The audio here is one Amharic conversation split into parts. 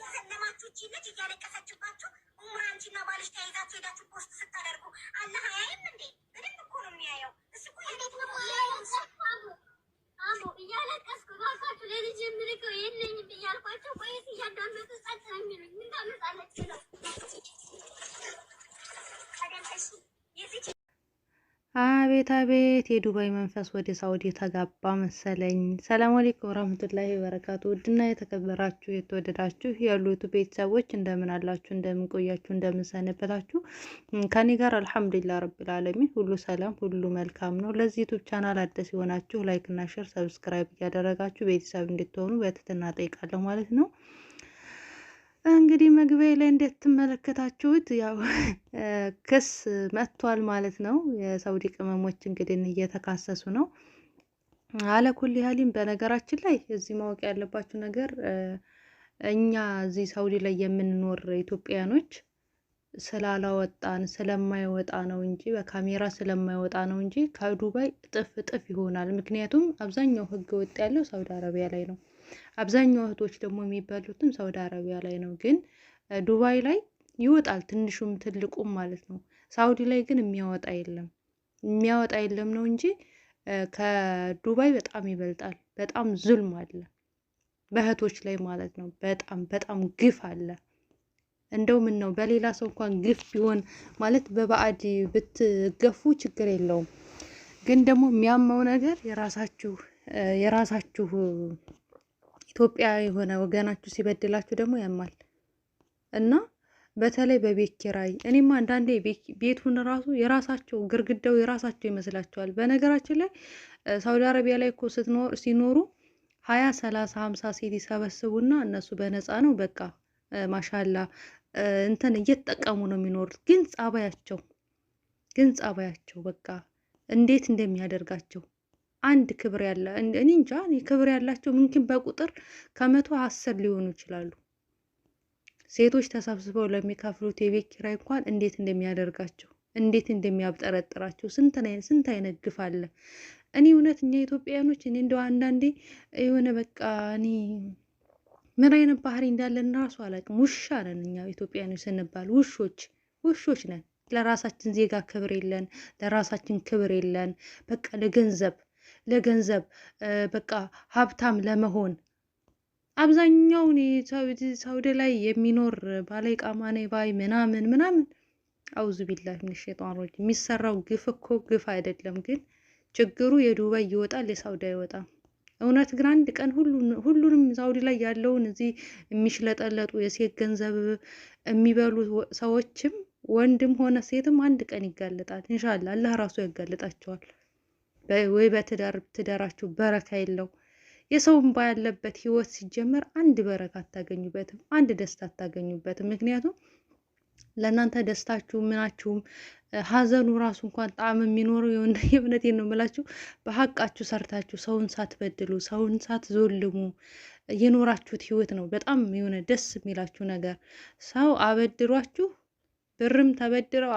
ሰለማችሁ ልጅ እያለቀሰችባችሁ ኡምራ አንቺና ባልሽ ተያይዛችሁ ሄዳችሁ ፖስት ስታደርጉ አላህ አያይም እንዴ? በደንብ እኮ ነው የሚያየው። እሱ እኮ እንዴት ነው አቦ እያለቀስኩ ባልኳችሁ ለልጅ የምልከው የለኝም እያልኳቸው ወይስ እያዳመጡ ጸጥ ነው የሚሉኝ? ምን ታመጣለች ነው አቤት አቤት የዱባይ መንፈስ ወደ ሳውዲ ተጋባ መሰለኝ። ሰላም አለይኩም ወራህመቱላሂ ወበረካቱ። ውድና የተከበራችሁ የተወደዳችሁ ያሉት ቤተሰቦች እንደምን አላችሁ? እንደምን ቆያችሁ? እንደምን ሰነበታችሁ? ከኔ ጋር አልሐምዱሊላህ ረብል ዓለሚን ሁሉ ሰላም፣ ሁሉ መልካም ነው። ለዚህ ዩቲዩብ ቻናል አዲስ የሆናችሁ ላይክ እና ሼር፣ ሰብስክራይብ እያደረጋችሁ ቤተሰብ እንድትሆኑ በትህትና ጠይቃለሁ ማለት ነው። እንግዲህ መግቢያ ላይ እንደተመለከታችሁት ያው ክስ መጥቷል ማለት ነው። የሳውዲ ቅመሞች እንግዲህ እየተካሰሱ ነው አለ ኩል በነገራችን ላይ እዚህ ማወቅ ያለባችሁ ነገር እኛ እዚህ ሳውዲ ላይ የምንኖር ኢትዮጵያኖች ስላላወጣን ስለማይወጣ ነው እንጂ በካሜራ ስለማይወጣ ነው እንጂ ከዱባይ እጥፍ እጥፍ ይሆናል። ምክንያቱም አብዛኛው ህገ ወጥ ያለው ሳውዲ አረቢያ ላይ ነው። አብዛኛው እህቶች ደግሞ የሚበሉትም ሳውዲ አረቢያ ላይ ነው። ግን ዱባይ ላይ ይወጣል ትንሹም ትልቁም ማለት ነው። ሳውዲ ላይ ግን የሚያወጣ የለም የሚያወጣ የለም ነው እንጂ ከዱባይ በጣም ይበልጣል። በጣም ዙልም አለ በእህቶች ላይ ማለት ነው። በጣም በጣም ግፍ አለ። እንደው ምን ነው በሌላ ሰው እንኳን ግፍ ቢሆን ማለት በባዕድ ብትገፉ ችግር የለውም። ግን ደግሞ የሚያመው ነገር የራሳችሁ የራሳችሁ ኢትዮጵያ የሆነ ወገናችሁ ሲበድላችሁ ደግሞ ያማል እና በተለይ በቤት ኪራይ እኔም አንዳንዴ ቤቱን ራሱ የራሳቸው ግርግዳው የራሳቸው ይመስላቸዋል። በነገራችን ላይ ሳውዲ አረቢያ ላይ እኮ ሲኖሩ ሀያ ሰላሳ ሀምሳ ሴት ይሰበስቡና እነሱ በነፃ ነው በቃ ማሻላ እንትን እየተጠቀሙ ነው የሚኖሩት። ግን ጸባያቸው ግን ጸባያቸው በቃ እንዴት እንደሚያደርጋቸው አንድ ክብር ያለ እኔ እንጃ ክብር ያላቸው ምንኪን በቁጥር ከመቶ አስር ሊሆኑ ይችላሉ። ሴቶች ተሰብስበው ለሚከፍሉት የቤት ኪራይ እንኳን እንዴት እንደሚያደርጋቸው እንዴት እንደሚያብጠረጥራቸው ስንት አይነት ግፍ አለ። እኔ እውነት እኛ ኢትዮጵያውያኖች እኔ እንደው አንዳንዴ የሆነ በቃ እኔ ምን አይነት ባህሪ እንዳለን ራሱ አላውቅም። ውሻ ነን እኛ ኢትዮጵያውያኖች ስንባል ውሾች ውሾች ነን። ለራሳችን ዜጋ ክብር የለን፣ ለራሳችን ክብር የለን። በቃ ለገንዘብ ለገንዘብ በቃ ሀብታም ለመሆን አብዛኛውን ሳውዲ ላይ የሚኖር ቃማኔ ባይ ምናምን ምናምን አውዙ ቢላ ሚን ሸይጣን ሮጅ የሚሰራው ግፍ እኮ ግፍ አይደለም። ግን ችግሩ የዱባይ ይወጣል፣ የሳውዲ አይወጣም። እውነት ግን አንድ ቀን ሁሉንም ሳውዲ ላይ ያለውን እዚህ የሚሽለጠለጡ የሴት ገንዘብ የሚበሉ ሰዎችም ወንድም ሆነ ሴትም አንድ ቀን ይጋለጣል። እንሻላ አላህ ራሱ ያጋልጣቸዋል። ወይ በትዳር ትዳራችሁ በረካ የለው። የሰው እንባ ያለበት ህይወት ሲጀመር አንድ በረካ አታገኙበትም፣ አንድ ደስታ አታገኙበትም። ምክንያቱም ለእናንተ ደስታችሁ ምናችሁም ሀዘኑ ራሱ እንኳን ጣዕም የሚኖረው የእውነቴን ነው የምላችሁ በሀቃችሁ ሰርታችሁ ሰውን ሳትበድሉ ሰውን ሳትዞልሙ የኖራችሁት ህይወት ነው በጣም የሆነ ደስ የሚላችሁ ነገር። ሰው አበድሯችሁ ብርም ተበድረው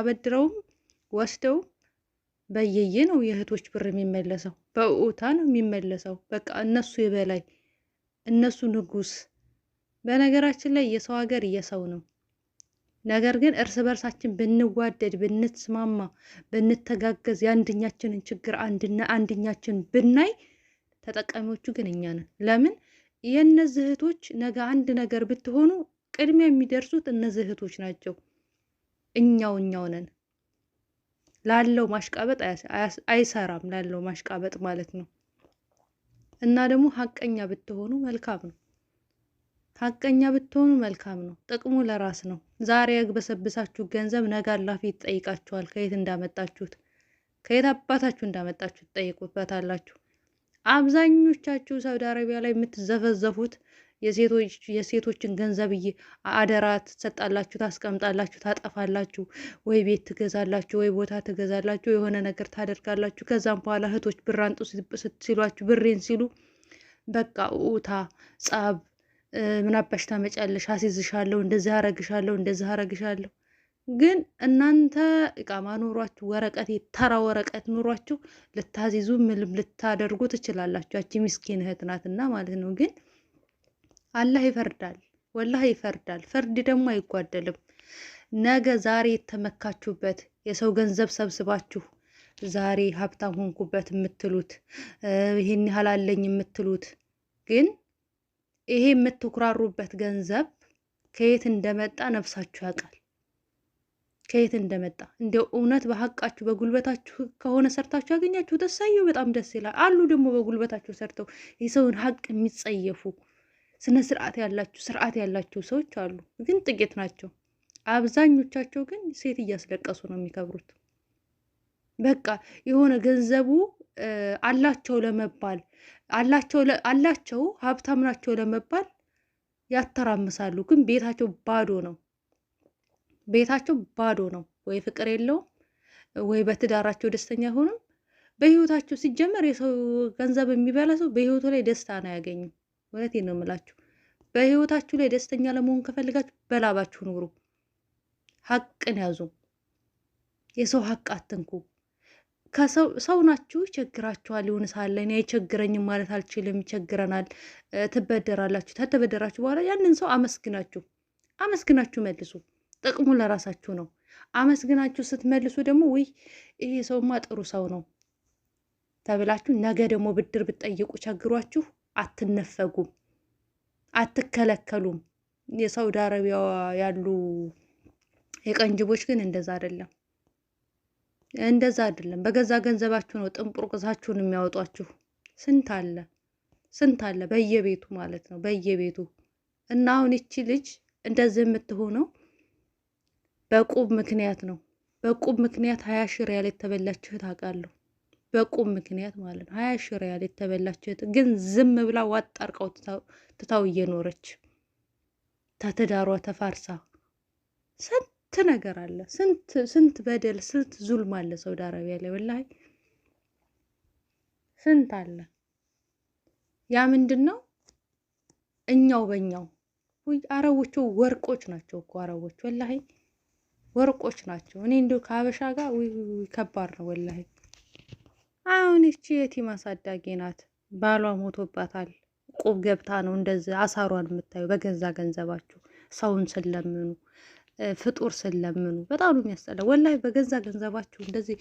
አበድረውም ወስደው በየየ ነው የእህቶች ብር የሚመለሰው፣ በኡታ ነው የሚመለሰው። በቃ እነሱ የበላይ እነሱ ንጉስ። በነገራችን ላይ የሰው ሀገር የሰው ነው። ነገር ግን እርስ በርሳችን ብንዋደድ፣ ብንስማማ፣ ብንተጋገዝ የአንድኛችንን ችግር አንድና አንድኛችን ብናይ ተጠቃሚዎቹ ግን እኛ ነን። ለምን የእነዚህ እህቶች ነገ አንድ ነገር ብትሆኑ ቅድሚያ የሚደርሱት እነዚህ እህቶች ናቸው። እኛው እኛው ነን። ላለው ማሽቃበጥ አይሰራም፣ ላለው ማሽቃበጥ ማለት ነው። እና ደግሞ ሀቀኛ ብትሆኑ መልካም ነው። ሀቀኛ ብትሆኑ መልካም ነው። ጥቅሙ ለራስ ነው። ዛሬ ያግበሰብሳችሁ ገንዘብ ነገ አላፊ ይጠይቃችኋል። ከየት እንዳመጣችሁት ከየት አባታችሁ እንዳመጣችሁ ትጠይቁበታላችሁ። አብዛኞቻችሁ ሳውዲ አረቢያ ላይ የምትዘፈዘፉት የሴቶችን ገንዘብ አደራ ትሰጣላችሁ፣ ታስቀምጣላችሁ፣ ታጠፋላችሁ፣ ወይ ቤት ትገዛላችሁ፣ ወይ ቦታ ትገዛላችሁ፣ የሆነ ነገር ታደርጋላችሁ። ከዛም በኋላ እህቶች ብር አንጡ ሲሏችሁ ብሬን ሲሉ በቃ ኡታ ጻብ ምናባሽ ታመጫለሽ፣ አስይዝሻለሁ፣ እንደዚህ አረግሻለሁ፣ እንደዚህ አረግሻለሁ። ግን እናንተ እቃማ ኑሯችሁ ወረቀት የተራ ወረቀት ኑሯችሁ ልታዚዙ ምልም ልታደርጉ ትችላላችሁ። ያቺ ምስኪን እህት ናትና ማለት ነው ግን አላህ ይፈርዳል፣ ወላህ ይፈርዳል። ፍርድ ደግሞ አይጓደልም። ነገ ዛሬ የተመካችሁበት የሰው ገንዘብ ሰብስባችሁ ዛሬ ሀብታም ሆንኩበት የምትሉት ይህን ያህል አለኝ የምትሉት ግን ይሄ የምትኩራሩበት ገንዘብ ከየት እንደመጣ ነፍሳችሁ ያውቃል። ከየት እንደመጣ እንደው እውነት በሀቃችሁ በጉልበታችሁ ከሆነ ሰርታችሁ ያገኛችሁ እሰየው፣ በጣም ደስ ይላል። አሉ ደግሞ በጉልበታችሁ ሰርተው የሰውን ሀቅ የሚጸየፉ ስነ ስርዓት ያላቸው ስርዓት ያላቸው ሰዎች አሉ፣ ግን ጥቂት ናቸው። አብዛኞቻቸው ግን ሴት እያስለቀሱ ነው የሚከብሩት። በቃ የሆነ ገንዘቡ አላቸው ለመባል አላቸው ሀብታም ናቸው ለመባል ያተራምሳሉ። ግን ቤታቸው ባዶ ነው። ቤታቸው ባዶ ነው። ወይ ፍቅር የለውም፣ ወይ በትዳራቸው ደስተኛ አይሆንም። በህይወታቸው ሲጀመር የሰው ገንዘብ የሚበላ ሰው በህይወቱ ላይ ደስታ ነው ያገኙም። እውነቴ ነው የምላችሁ። በህይወታችሁ ላይ ደስተኛ ለመሆን ከፈልጋችሁ በላባችሁ ኑሩ። ሀቅን ያዙ። የሰው ሀቅ አትንኩ። ሰው ናችሁ፣ ይቸግራችኋል። የሆነ ሳለ እኔ አይቸግረኝም ማለት አልችልም፣ ይቸግረናል። ትበደራላችሁ። ተተበደራችሁ በኋላ ያንን ሰው አመስግናችሁ አመስግናችሁ መልሱ። ጥቅሙ ለራሳችሁ ነው። አመስግናችሁ ስትመልሱ ደግሞ ውይ ይሄ ሰውማ ጥሩ ሰው ነው ተብላችሁ ነገ ደግሞ ብድር ብትጠይቁ ቸግሯችሁ አትነፈጉም፣ አትከለከሉም። የሳውዲ አረቢያ ያሉ የቀንጅቦች ግን እንደዛ አይደለም፣ እንደዛ አይደለም። በገዛ ገንዘባችሁ ነው ጥንቁር ቅሳችሁን የሚያወጧችሁ። ስንት አለ ስንት አለ በየቤቱ ማለት ነው በየቤቱ እና አሁን ይቺ ልጅ እንደዚህ የምትሆነው በቁብ ምክንያት ነው። በቁብ ምክንያት ሀያ ሺ ሪያል የተበላችሁ ታውቃለሁ። በቁም ምክንያት ማለት ነው። ሀያ ሺ ሪያል የተበላቸው ግን ዝም ብላ ዋጥ አርቀው ትታው እየኖረች ተትዳሯ ተፋርሳ ስንት ነገር አለ። ስንት በደል፣ ስንት ዙልም አለ ሳውዲ አረቢያ ላይ ወላሂ ስንት አለ። ያ ምንድን ነው እኛው በእኛው አረቦቹ ወርቆች ናቸው እኮ አረቦች ወላሂ ወርቆች ናቸው። እኔ እንዲሁ ከሀበሻ ጋር ከባድ ነው ወላሂ። አሁን ይቺ የቲም አሳዳጊ ናት። ባሏ ሞቶባታል። ቁብ ገብታ ነው እንደዚህ አሳሯን የምታዩ በገዛ ገንዘባችሁ ሰውን ስለምኑ ፍጡር ስለምኑ በጣም ነው የሚያስጠላው። ወላሂ በገዛ ገንዘባችሁ እንደዚህ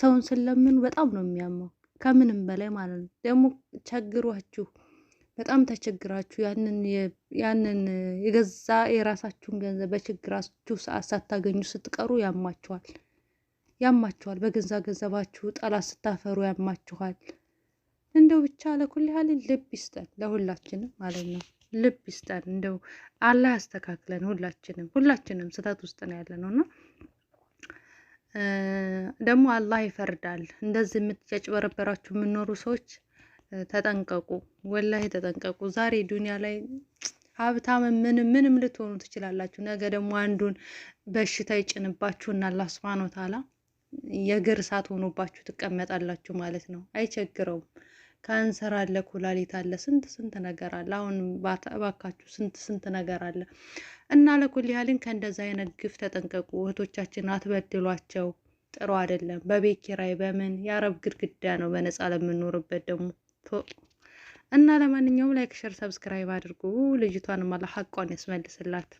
ሰውን ስለምኑ በጣም ነው የሚያማው፣ ከምንም በላይ ማለት ነው። ደግሞ ቸግሯችሁ፣ በጣም ተቸግራችሁ ያንን የገዛ የራሳችሁን ገንዘብ በችግራችሁ ሰዓት ሳታገኙ ስትቀሩ ያማችኋል። ያማችኋል። በገዛ ገንዘባችሁ ጠላት ስታፈሩ ያማችኋል። እንደው ብቻ ለኩል ያህል ልብ ይስጠን ለሁላችንም ማለት ነው። ልብ ይስጠን እንደው አላህ ያስተካክለን። ሁላችንም ሁላችንም ስህተት ውስጥ ነው ያለ ነው እና ደግሞ አላህ ይፈርዳል። እንደዚህ የምትጨጭበረበራችሁ የምኖሩ ሰዎች ተጠንቀቁ፣ ወላሂ ተጠንቀቁ። ዛሬ ዱንያ ላይ ሀብታም ምንም ምንም ልትሆኑ ትችላላችሁ። ነገ ደግሞ አንዱን በሽታ ይጭንባችሁና አላህ ሱብሃነሁ ወተዓላ የእግር እሳት ሆኖባችሁ ትቀመጣላችሁ ማለት ነው። አይቸግረውም። ካንሰር አለ፣ ኩላሊት አለ፣ ስንት ስንት ነገር አለ። አሁን ባካችሁ ስንት ስንት ነገር አለ እና ለኩል ያህልን ከእንደዛ አይነት ግፍ ተጠንቀቁ። እህቶቻችን አትበድሏቸው፣ ጥሩ አይደለም። በቤት ኪራይ በምን የአረብ ግድግዳ ነው በነፃ ለምንኖርበት ደግሞ እና ለማንኛውም ላይክ፣ ሸር፣ ሰብስክራይብ አድርጉ። ልጅቷንም አላህ ሀቋን ያስመልስላት።